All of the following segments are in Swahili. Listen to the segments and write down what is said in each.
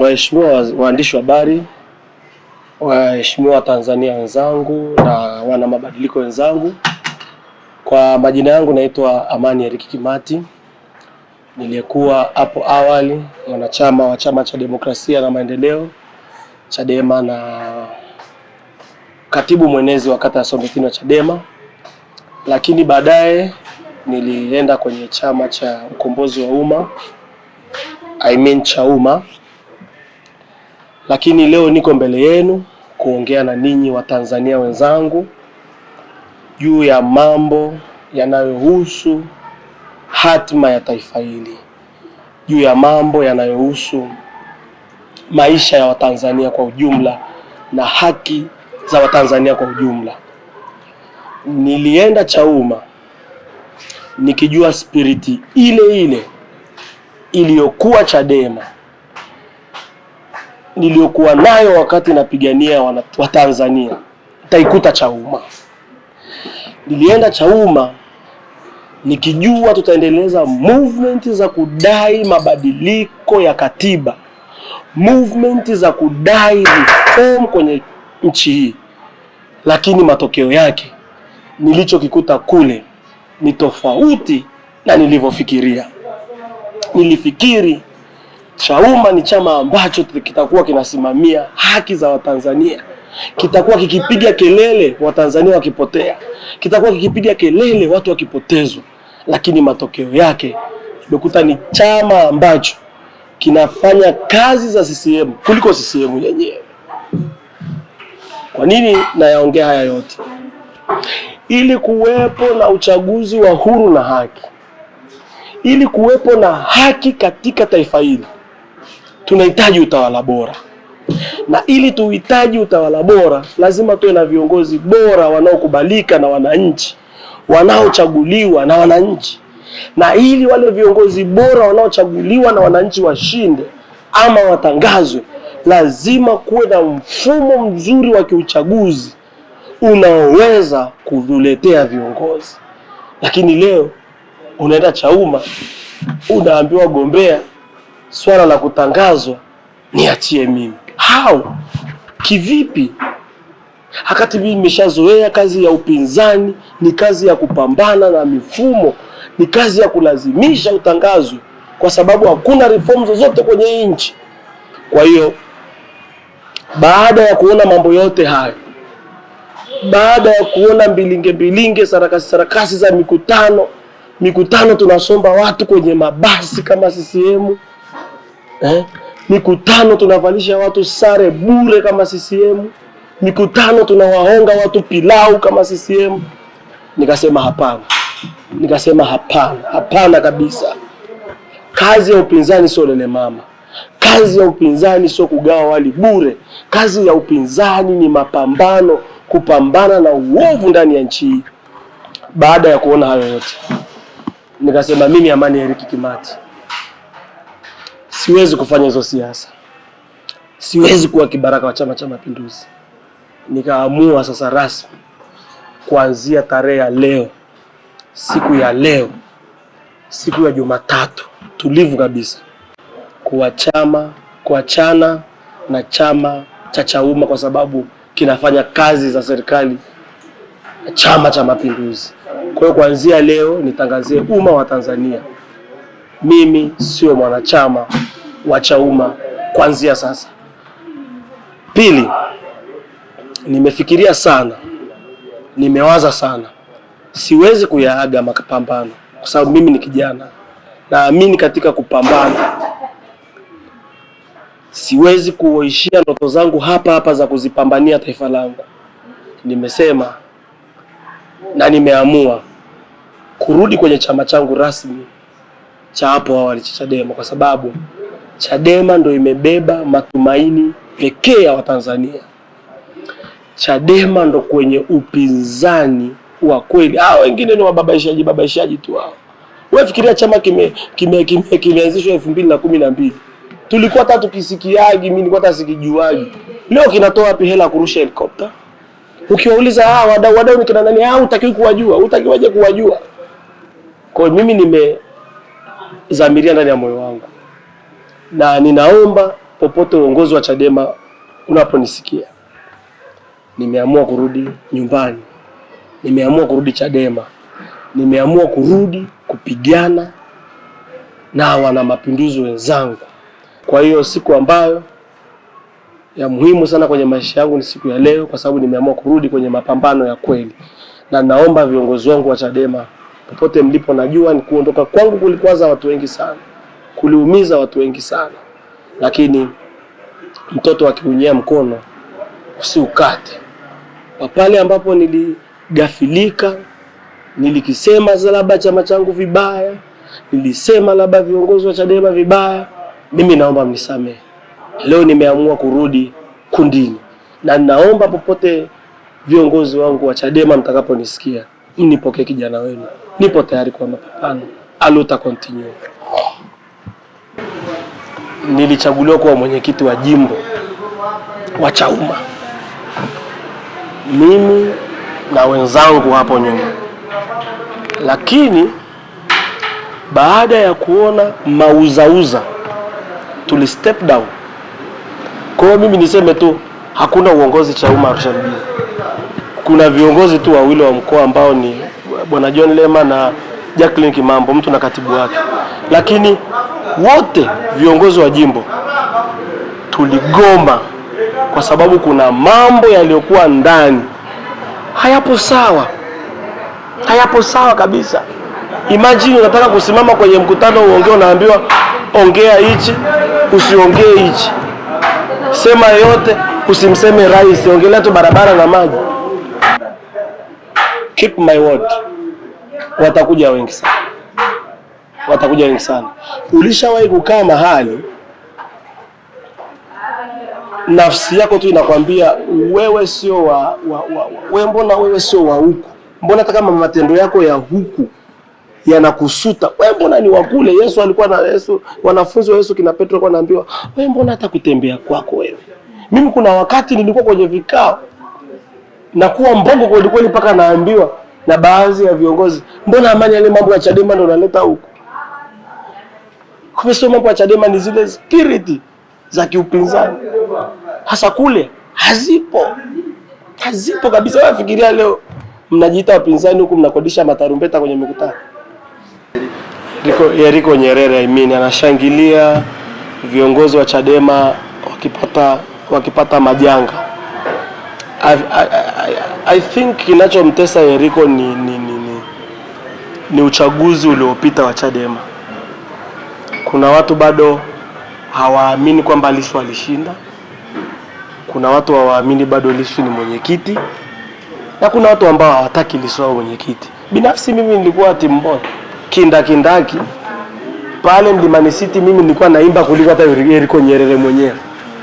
Waheshimiwa waandishi wa habari, waheshimiwa tanzania wenzangu na wana mabadiliko wenzangu, kwa majina yangu naitwa Amani Eric Kimati. Niliyekuwa hapo awali mwanachama wa Chama cha Demokrasia na Maendeleo Chadema na katibu mwenezi wa kata ya Sombetini wa Chadema, lakini baadaye nilienda kwenye chama cha ukombozi wa umma I mean Chauma lakini leo niko mbele yenu kuongea na ninyi Watanzania wenzangu juu ya mambo yanayohusu hatima ya taifa hili, juu ya mambo yanayohusu maisha ya Watanzania kwa ujumla na haki za Watanzania kwa ujumla. Nilienda Chauma nikijua spiriti ile ile iliyokuwa Chadema niliyokuwa nayo wakati napigania Watanzania nitaikuta Chauma. Nilienda Chauma nikijua tutaendeleza movement za kudai mabadiliko ya katiba, movement za kudai reform kwenye nchi hii, lakini matokeo yake nilichokikuta kule ni tofauti na nilivyofikiria. Nilifikiri Chauma ni chama ambacho kitakuwa kinasimamia haki za Watanzania, kitakuwa kikipiga kelele Watanzania wakipotea, kitakuwa kikipiga kelele watu wakipotezwa, lakini matokeo yake umekuta ni chama ambacho kinafanya kazi za CCM kuliko CCM yenyewe. Kwa nini nayaongea haya yote? Ili kuwepo na uchaguzi wa huru na haki, ili kuwepo na haki katika taifa hili, tunahitaji utawala bora, na ili tuhitaji utawala bora lazima tuwe na viongozi bora wanaokubalika na wananchi, wanaochaguliwa na wananchi. Na ili wale viongozi bora wanaochaguliwa na wananchi washinde ama watangazwe, lazima kuwe na mfumo mzuri wa kiuchaguzi unaoweza kuvuletea viongozi. Lakini leo unaenda Chauma unaambiwa gombea swala la kutangazwa niachie mimi. Hao kivipi? Hakati mimi nimeshazoea kazi ya upinzani, ni kazi ya kupambana na mifumo, ni kazi ya kulazimisha utangazwe, kwa sababu hakuna reform zozote kwenye nchi. Kwa hiyo baada ya kuona mambo yote hayo, baada ya kuona mbilinge mbilinge, sarakasi sarakasi za mikutano mikutano, tunasomba watu kwenye mabasi kama CCM eh? Mikutano tunavalisha watu sare bure kama CCM, mikutano tunawaonga watu pilau kama CCM. Nikasema hapana, nikasema hapana, hapana kabisa. Kazi ya upinzani sio lele mama, kazi ya upinzani sio kugawa wali bure. Kazi ya upinzani ni mapambano, kupambana na uovu ndani ya nchi hii. Baada ya kuona hayo yote, nikasema mimi Amani Eric Kimati Siwezi kufanya hizo siasa, siwezi kuwa kibaraka wa Chama cha Mapinduzi. Nikaamua sasa rasmi kuanzia tarehe ya leo, siku ya leo, siku ya Jumatatu tulivu kabisa, kuachama kuachana na chama cha Chauma kwa sababu kinafanya kazi za serikali Chama cha Mapinduzi. Kwa hiyo kuanzia leo nitangazie umma wa Tanzania mimi siwe mwanachama wa Chauma kuanzia sasa. Pili, nimefikiria sana, nimewaza sana, siwezi kuyaaga mapambano kwa sababu mimi ni kijana, naamini katika kupambana. Siwezi kuishia ndoto zangu hapa hapa za kuzipambania taifa langu. Nimesema na nimeamua kurudi kwenye chama changu rasmi cha hapo awali cha Chadema, kwa sababu Chadema ndo imebeba matumaini pekee ya Watanzania. Chadema ndo kwenye upinzani wa kweli. Hao wengine ni wababaishaji babaishaji tu hao. Wewe fikiria chama kimeanzishwa kime, kime, kime elfu mbili na kumi na mbili tulikuwa hata tukisikiagi, mimi nilikuwa hata sikijuagi. Leo kinatoa wapi hela kurusha helikopta? Ukiwauliza hao ah, wadau wadau ni kina nani, hao ah, utakiwa kuwajua, utakiwaje kuwajua? Kwa mimi nime dhamiria ndani ya moyo wangu, na ninaomba popote uongozi wa Chadema unaponisikia, nimeamua kurudi nyumbani, nimeamua kurudi Chadema, nimeamua kurudi kupigana na wana mapinduzi wenzangu. Kwa hiyo siku ambayo ya muhimu sana kwenye maisha yangu ni siku ya leo, kwa sababu nimeamua kurudi kwenye mapambano ya kweli, na naomba viongozi wangu wa Chadema popote mlipo, najua ni kuondoka kwangu kulikwaza watu wengi sana, kuliumiza watu wengi sana, lakini mtoto akiunyea mkono usiukate. Pale ambapo niligafilika, nilikisema labda chama changu vibaya, nilisema labda viongozi wa Chadema vibaya, mimi naomba mnisamehe. Leo nimeamua kurudi kundini, na naomba popote viongozi wangu wa Chadema mtakaponisikia, mnipokee kijana wenu nipo tayari kwa mapambano. Aluta continue. Nilichaguliwa kuwa mwenyekiti wa jimbo wa Chauma, mimi na wenzangu hapo nyuma, lakini baada ya kuona mauzauza tuli step down. Kwa hiyo mimi niseme tu hakuna uongozi Chauma Arusha mjini, kuna viongozi tu wawili wa mkoa ambao ni bwana John Lema na Jacqueline Kimambo, mtu na katibu wake, lakini wote viongozi wa jimbo tuligoma kwa sababu kuna mambo yaliyokuwa ndani hayapo sawa, hayapo sawa kabisa. Imagine unataka kusimama kwenye mkutano uongee, unaambiwa ongea hichi, usiongee hichi, sema yote, usimseme rais, ongelea tu barabara na maji. Keep my word watakuja wengi sana, watakuja wengi sana. Ulishawahi kukaa mahali nafsi yako tu inakwambia wewe sio wa, wa, wa, mbona wewe sio wa huku, mbona hata kama matendo yako ya huku yanakusuta wewe, mbona ni wakule. Yesu alikuwa na Yesu, wanafunzi wa Yesu kina Petro alikuwa anaambiwa wewe, mbona hata kutembea kwako wewe. Mimi kuna wakati nilikuwa kwenye vikao na kuwa mbongo kwelikweli, mpaka naambiwa na baadhi ya viongozi. Mbona amani yale mambo ya Chadema ndio unaleta huku? Kumbe sio mambo ya Chadema, ni zile spirit za kiupinzani hasa kule, hazipo hazipo kabisa. Wewe fikiria leo mnajiita wapinzani huku mnakodisha matarumbeta kwenye mikutano. Yariko Nyerere I mean, anashangilia viongozi wa Chadema wakipata wakipata majanga. I think kinachomtesa Yeriko ni, ni, ni, ni, ni uchaguzi uliopita wa Chadema. Kuna watu bado hawaamini kwamba Lissu alishinda, kuna watu hawaamini bado Lissu ni mwenyekiti, na kuna watu ambao hawataki Lissu awe mwenyekiti. Binafsi mimi nilikuwa timbona kindakindaki pale Mlimani City, mimi nilikuwa naimba kuliko hata Yeriko Nyerere mwenyewe,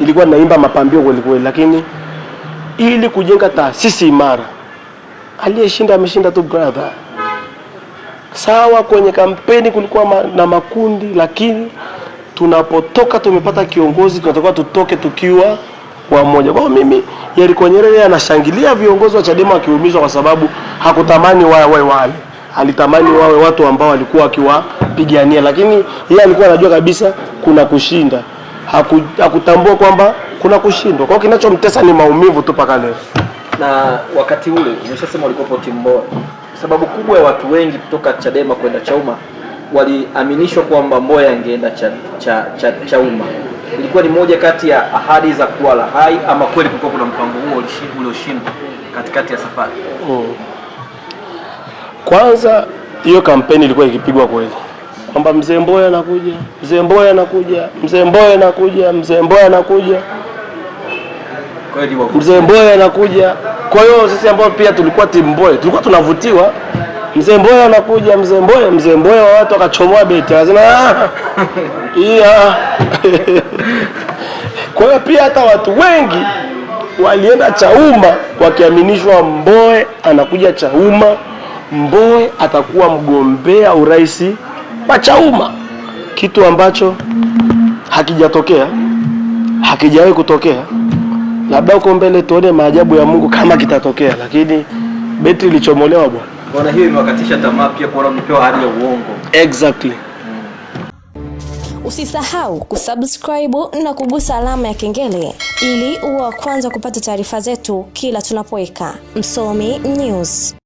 nilikuwa naimba mapambio kwelikweli, lakini ili kujenga taasisi imara. Aliyeshinda ameshinda tu brother. Sawa, kwenye kampeni kulikuwa na makundi, lakini tunapotoka tumepata kiongozi, tunatakiwa tutoke tukiwa wamoja. Kwa mimi Yeriko Nyerere anashangilia viongozi wa Chadema wakiumizwa, kwa sababu hakutamani wawe wale wale, alitamani wawe watu ambao walikuwa wakiwapigania, lakini yeye alikuwa anajua kabisa kuna kushinda. hakutambua kwamba kuna kushindwa kwao, kinachomtesa ni maumivu tu mpaka leo. Na wakati ule umeshasema ulikopo timu bora, sababu kubwa ya watu wengi kutoka Chadema kwenda Chauma waliaminishwa kwamba Mboya angeenda cha, cha, cha, Chauma. Ilikuwa ni moja kati ya ahadi za kuwa la hai, ama kweli kulikuwa kuna mpango huo ulioshindwa katikati ya safari? Mm. Kwanza hiyo kampeni ilikuwa ikipigwa kweli kwamba mzee Mboya anakuja, mzee Mboya anakuja, mzee Mboya anakuja, mzee Mboya anakuja mzee Mboya anakuja. Kwa hiyo sisi ambao pia tulikuwa timu Mboya tulikuwa tunavutiwa, mzee Mboya anakuja, mzee Mboya, mzee Mboya wa watu akachomoa beti, ah, iya. kwa hiyo pia hata watu wengi walienda Chauma wakiaminishwa Mboe anakuja Chauma, Mboe atakuwa mgombea urais wa Chauma, kitu ambacho hakijatokea, hakijawahi kutokea labda huko mbele tuone maajabu ya Mungu kama kitatokea, lakini betri ilichomolewa bwana. Bwana, hiyo imewakatisha tamaa pia, kuona mpewa hali ya uongo. Exactly. Usisahau kusubscribe na kugusa alama ya kengele ili uwe wa kwanza kupata taarifa zetu kila tunapoweka Msomi News.